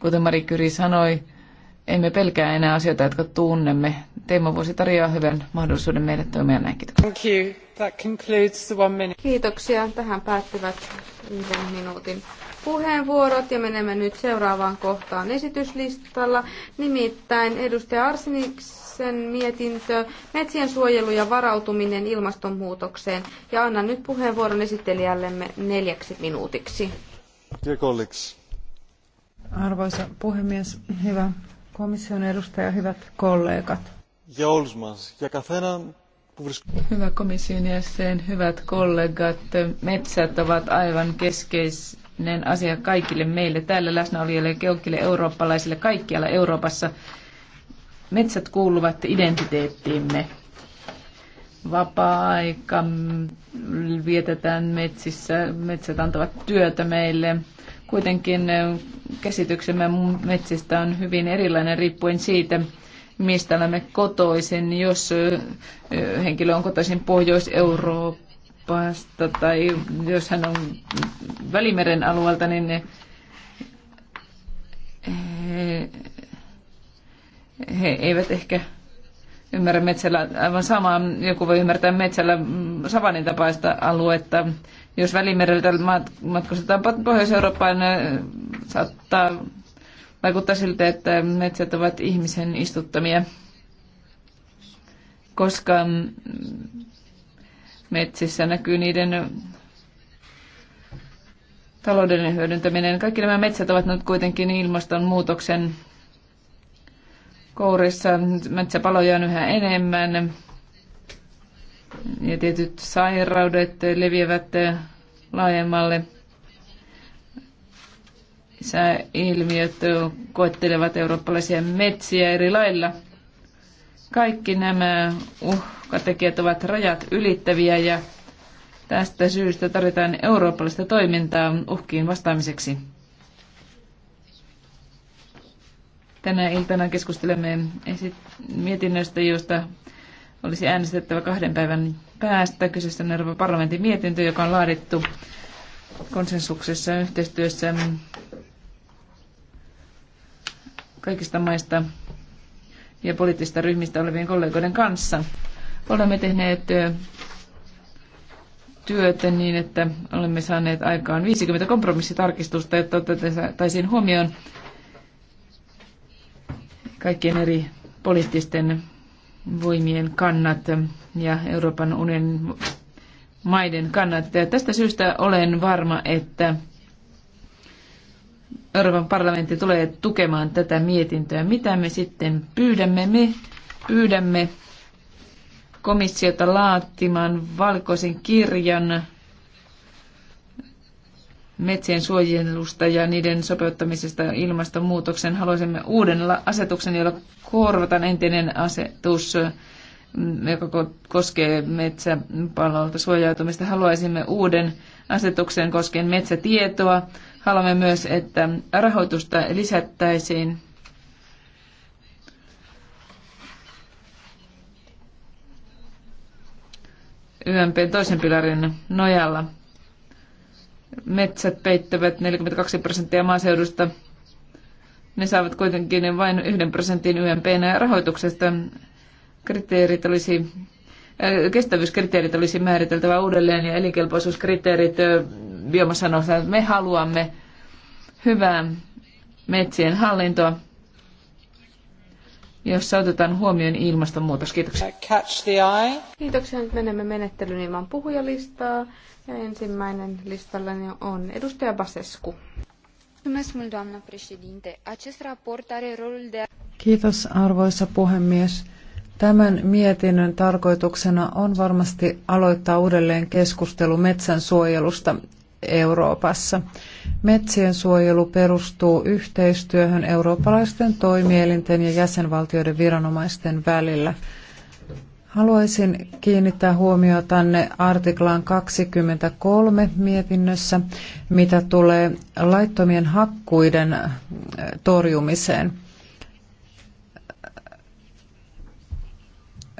Kuten Mari Kyri sanoi, emme pelkää enää asioita, jotka tunnemme. Teemo voisi tarjoaa hyvän mahdollisuuden meille toimia one minute. Kiitoksia. Tähän päättyvät yhden minuutin puheenvuorot ja menemme nyt seuraavaan kohtaan esityslistalla. Nimittäin edustaja Arsiniksen mietintö Metsien suojelu ja varautuminen ilmastonmuutokseen. Ja annan nyt puheenvuoron esittelijällemme neljäksi minuutiksi. Dear colleagues, Arvoisa puhemies, hyvä komission edustaja, hyvät kollegat. Ja olsmas, ja kafenan Hyvä komission jäsen, hyvät kollegat, metsät ovat aivan keskeinen asia kaikille meille täällä läsnäolijoille ja keukille eurooppalaisille kaikkialla Euroopassa. Metsät kuuluvat identiteettiimme. Vapaa-aika vietetään metsissä, metsät antavat työtä meille, Kuitenkin käsityksemme metsistä on hyvin erilainen riippuen siitä, mistä olemme kotoisin. Jos henkilö on kotoisin Pohjois-Euroopasta tai jos hän on Välimeren alueelta, niin ne, he, he eivät ehkä ymmärrä metsällä aivan samaa. Joku voi ymmärtää metsällä savanin tapaista aluetta. Jos välimereltä matkustetaan Pohjois-Eurooppaan, saattaa vaikuttaa siltä, että metsät ovat ihmisen istuttamia, koska metsissä näkyy niiden taloudellinen hyödyntäminen. Kaikki nämä metsät ovat nyt kuitenkin ilmastonmuutoksen kourissa metsäpaloja on yhä enemmän ja tietyt sairaudet leviävät laajemmalle. Sääilmiöt koettelevat eurooppalaisia metsiä eri lailla. Kaikki nämä uhkatekijät ovat rajat ylittäviä ja tästä syystä tarvitaan eurooppalaista toimintaa uhkiin vastaamiseksi. Tänä iltana keskustelemme mietinnöstä, josta olisi äänestettävä kahden päivän päästä. Kyseessä on Euroopan parlamentin mietintö, joka on laadittu konsensuksessa yhteistyössä kaikista maista ja poliittisista ryhmistä olevien kollegoiden kanssa. Olemme tehneet työtä niin, että olemme saaneet aikaan 50 kompromissitarkistusta, jotta otettaisiin huomioon kaikkien eri poliittisten voimien kannat ja Euroopan unionin maiden kannat. Ja tästä syystä olen varma, että Euroopan parlamentti tulee tukemaan tätä mietintöä. Mitä me sitten pyydämme? Me pyydämme komissiota laatimaan valkoisen kirjan metsien suojelusta ja niiden sopeuttamisesta ilmastonmuutoksen. Haluaisimme uuden asetuksen, jolla korvataan entinen asetus, mm, joka koskee metsäpalolta suojautumista. Haluaisimme uuden asetuksen koskien metsätietoa. Haluamme myös, että rahoitusta lisättäisiin YMP toisen pilarin nojalla metsät peittävät 42 prosenttia maaseudusta. Ne saavat kuitenkin vain 1 prosentin YMPn rahoituksesta. Kriteerit olisi, äh, kestävyyskriteerit olisi määriteltävä uudelleen ja elinkelpoisuuskriteerit äh, biomassan osalta. Me haluamme hyvää metsien hallintoa jossa otetaan huomioon ilmastonmuutos. Kiitoksia. Uh, catch the eye. Kiitoksia. Nyt menemme menettelyyn ilman puhujalistaa. Ja ensimmäinen listallani niin on edustaja Basescu. Kiitos arvoisa puhemies. Tämän mietinnön tarkoituksena on varmasti aloittaa uudelleen keskustelu metsän suojelusta Euroopassa. Metsien suojelu perustuu yhteistyöhön eurooppalaisten toimielinten ja jäsenvaltioiden viranomaisten välillä. Haluaisin kiinnittää huomiota tänne artiklaan 23 mietinnössä, mitä tulee laittomien hakkuiden äh, torjumiseen.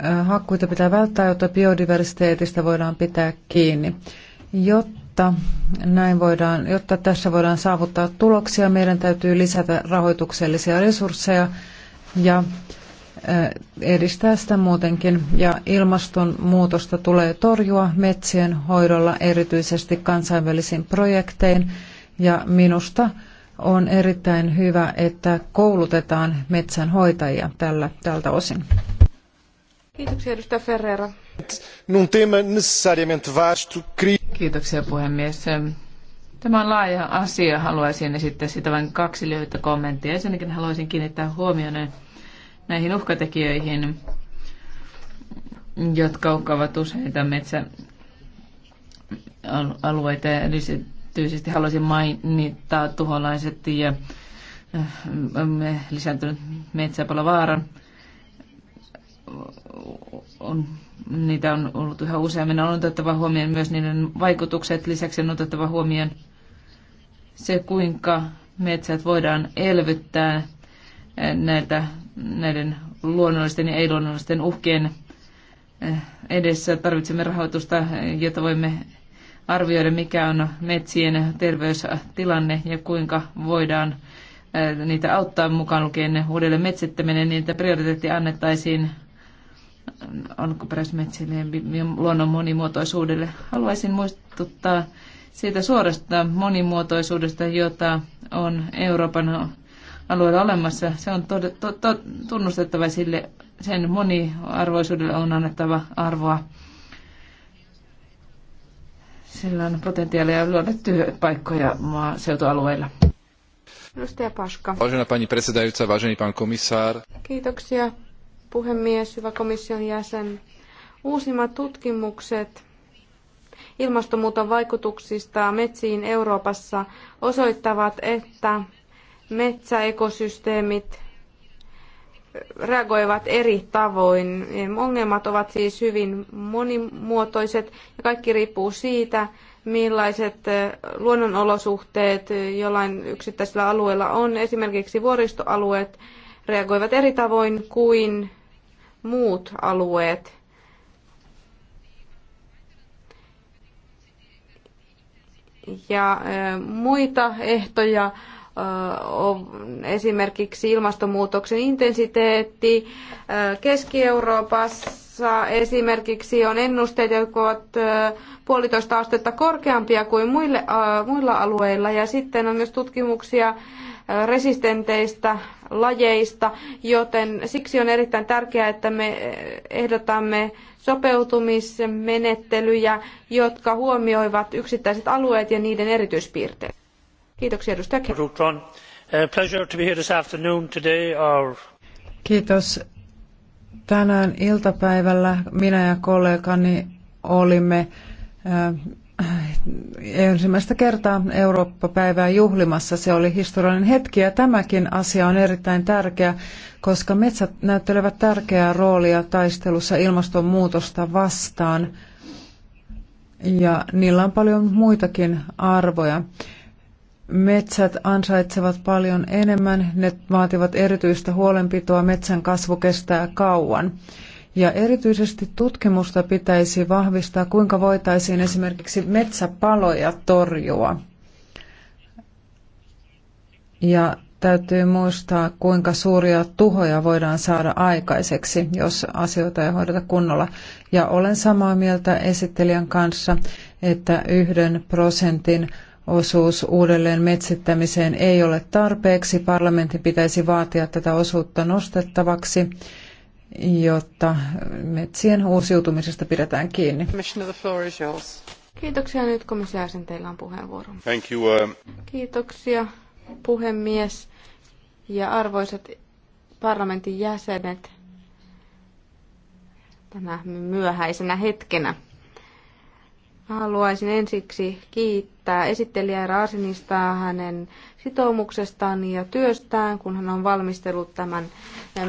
Äh, hakkuita pitää välttää, jotta biodiversiteetistä voidaan pitää kiinni. Jotta jotta, näin voidaan, jotta tässä voidaan saavuttaa tuloksia, meidän täytyy lisätä rahoituksellisia resursseja ja eh, edistää sitä muutenkin. Ja ilmastonmuutosta tulee torjua metsien hoidolla erityisesti kansainvälisin projektein. Ja minusta on erittäin hyvä, että koulutetaan metsänhoitajia tällä, tältä osin. Kiitoksia edustaja Ferreira num tema necessariamente vasto. Kiitoksia puhemies. Tämä on laaja asia. Haluaisin esittää sitä vain kaksi lyhyttä kommenttia. Ensinnäkin haluaisin kiinnittää huomioon näihin uhkatekijöihin, jotka uhkaavat useita metsäalueita. Erityisesti haluaisin mainita tuholaiset ja äh, lisääntynyt metsäpalovaaran. vaaran on, niitä on ollut yhä useammin. On otettava huomioon myös niiden vaikutukset. Lisäksi on otettava huomioon se, kuinka metsät voidaan elvyttää näitä, näiden luonnollisten ja ei-luonnollisten uhkien eh, edessä. Tarvitsemme rahoitusta, jota voimme arvioida, mikä on metsien terveystilanne ja kuinka voidaan eh, niitä auttaa mukaan lukien uudelleen metsittäminen, niin että prioriteetti annettaisiin alkuperäismetsille ja luonnon monimuotoisuudelle. Haluaisin muistuttaa siitä suorasta monimuotoisuudesta, jota on Euroopan alueella olemassa. Se on to, to, to, tunnustettava sille, sen moniarvoisuudelle on annettava arvoa. Sillä on potentiaalia luoda työpaikkoja maaseutualueilla. Edustaja Paska. Vážená pani predsedajúca, vážený pán komisár. Kiitoksia puhemies, hyvä komission jäsen. Uusimmat tutkimukset ilmastonmuuton vaikutuksista metsiin Euroopassa osoittavat, että metsäekosysteemit reagoivat eri tavoin. Ongelmat ovat siis hyvin monimuotoiset ja kaikki riippuu siitä, millaiset luonnonolosuhteet jollain yksittäisellä alueella on. Esimerkiksi vuoristoalueet reagoivat eri tavoin kuin muut alueet. Ja muita ehtoja esimerkiksi ilmastonmuutoksen intensiteetti. Keski-Euroopassa esimerkiksi on ennusteet, jotka ovat puolitoista astetta korkeampia kuin muille, muilla alueilla. Ja sitten on myös tutkimuksia resistenteistä lajeista, joten siksi on erittäin tärkeää, että me ehdotamme sopeutumismenettelyjä, jotka huomioivat yksittäiset alueet ja niiden erityispiirteet. Kiitoksia edustaja. Uh, Kiitos. Tänään iltapäivällä minä ja kollegani olimme uh, ensimmäistä kertaa Eurooppa-päivää juhlimassa. Se oli historiallinen hetki ja tämäkin asia on erittäin tärkeä, koska metsät näyttelevät tärkeää roolia taistelussa ilmastonmuutosta vastaan. Ja niillä on paljon muitakin arvoja. Metsät ansaitsevat paljon enemmän, ne vaativat erityistä huolenpitoa, metsän kasvu kestää kauan. Ja erityisesti tutkimusta pitäisi vahvistaa, kuinka voitaisiin esimerkiksi metsäpaloja torjua. Ja täytyy muistaa, kuinka suuria tuhoja voidaan saada aikaiseksi, jos asioita ei hoideta kunnolla. Ja olen samaa mieltä esittelijän kanssa, että yhden prosentin osuus uudelleen metsittämiseen ei ole tarpeeksi. Parlamentin pitäisi vaatia tätä osuutta nostettavaksi jotta metsien uusiutumisesta pidetään kiinni. Kiitoksia nyt komissiaisen, teillä on puheenvuoro. Thank you, uh... Kiitoksia puhemies ja arvoisat parlamentin jäsenet tänä myöhäisenä hetkenä. Haluaisin ensiksi kiittää esittelijä Raasinista hänen sitoumuksestaan ja työstään, kun hän on valmistellut tämän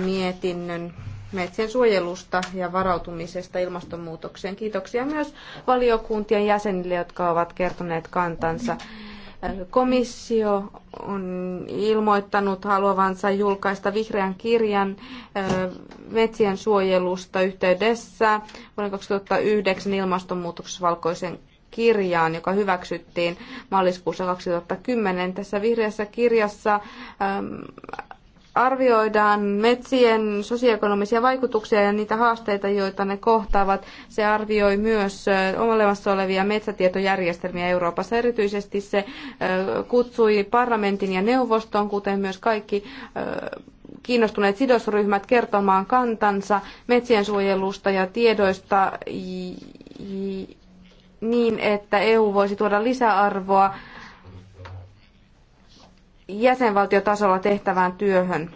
mietinnön metsien suojelusta ja varautumisesta ilmastonmuutokseen. Kiitoksia myös valiokuntien jäsenille, jotka ovat kertoneet kantansa. Komissio on ilmoittanut haluavansa julkaista vihreän kirjan metsien suojelusta yhteydessä vuoden 2009 ilmastonmuutoksessa valkoisen kirjaan, joka hyväksyttiin maaliskuussa 2010. Tässä vihreässä kirjassa arvioidaan metsien sosioekonomisia vaikutuksia ja niitä haasteita, joita ne kohtaavat. Se arvioi myös olemassa olevia metsätietojärjestelmiä Euroopassa. Erityisesti se kutsui parlamentin ja neuvoston, kuten myös kaikki kiinnostuneet sidosryhmät kertomaan kantansa metsien suojelusta ja tiedoista niin, että EU voisi tuoda lisäarvoa jäsenvaltiotasolla tehtävään työhön.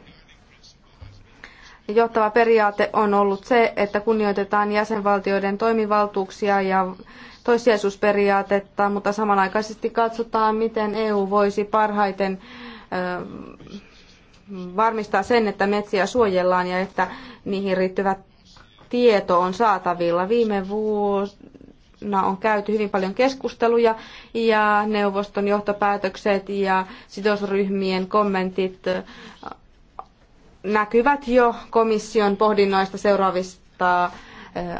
Johtava periaate on ollut se, että kunnioitetaan jäsenvaltioiden toimivaltuuksia ja toissijaisuusperiaatetta, mutta samanaikaisesti katsotaan, miten EU voisi parhaiten varmistaa sen, että metsiä suojellaan ja että niihin riittyvä tieto on saatavilla. Viime vuosi on käyty hyvin paljon keskusteluja ja neuvoston johtopäätökset ja sidosryhmien kommentit äh, näkyvät jo komission pohdinnoista seuraavista äh,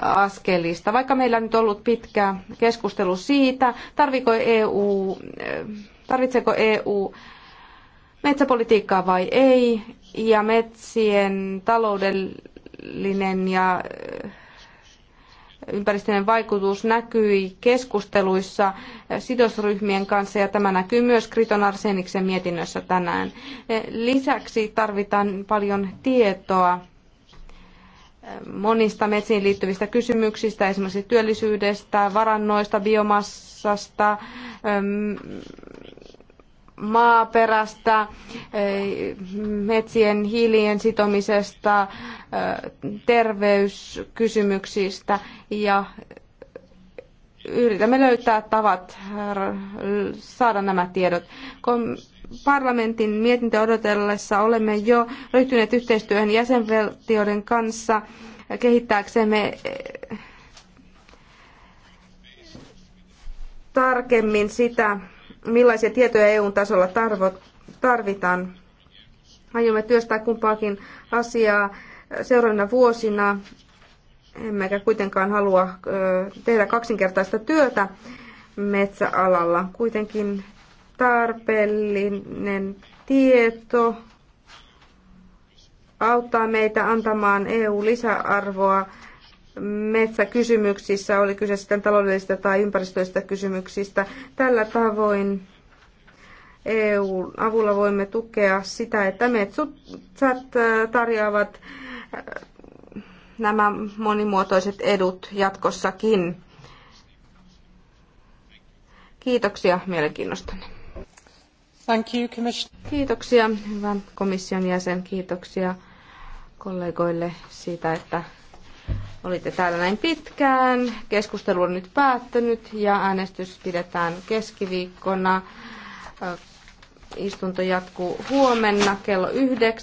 askelista. Vaikka meillä on nyt ollut pitkä keskustelu siitä, tarviko EU, äh, tarvitseeko EU metsäpolitiikkaa vai ei, ja metsien taloudellinen ja ympäristöllinen vaikutus näkyi keskusteluissa sidosryhmien kanssa ja tämä näkyy myös Kriton Arseniksen mietinnössä tänään. Lisäksi tarvitaan paljon tietoa monista metsiin liittyvistä kysymyksistä, esimerkiksi työllisyydestä, varannoista, biomassasta, maaperästä, eh, metsien hiilien sitomisesta, eh, terveyskysymyksistä ja yritämme löytää tavat saada nämä tiedot. Kom- parlamentin mietintö odotellessa olemme jo ryhtyneet yhteistyöhön jäsenvaltioiden kanssa kehittääksemme eh, tarkemmin sitä, millaisia tietoja EUn tasolla tarvitaan. Aiomme työstää kumpaakin asiaa seuraavina vuosina, emmekä kuitenkaan halua tehdä kaksinkertaista työtä metsäalalla. Kuitenkin tarpeellinen tieto auttaa meitä antamaan EU-lisäarvoa metsäkysymyksissä, oli kyse sitten taloudellisista tai ympäristöistä kysymyksistä. Tällä tavoin EU-avulla voimme tukea sitä, että metsät tarjoavat nämä monimuotoiset edut jatkossakin. Kiitoksia mielenkiinnostanne. Thank you, Kiitoksia, hyvä komission jäsen. Kiitoksia kollegoille siitä, että olitte täällä näin pitkään. Keskustelu on nyt päättynyt ja äänestys pidetään keskiviikkona. Istunto jatkuu huomenna kello 9.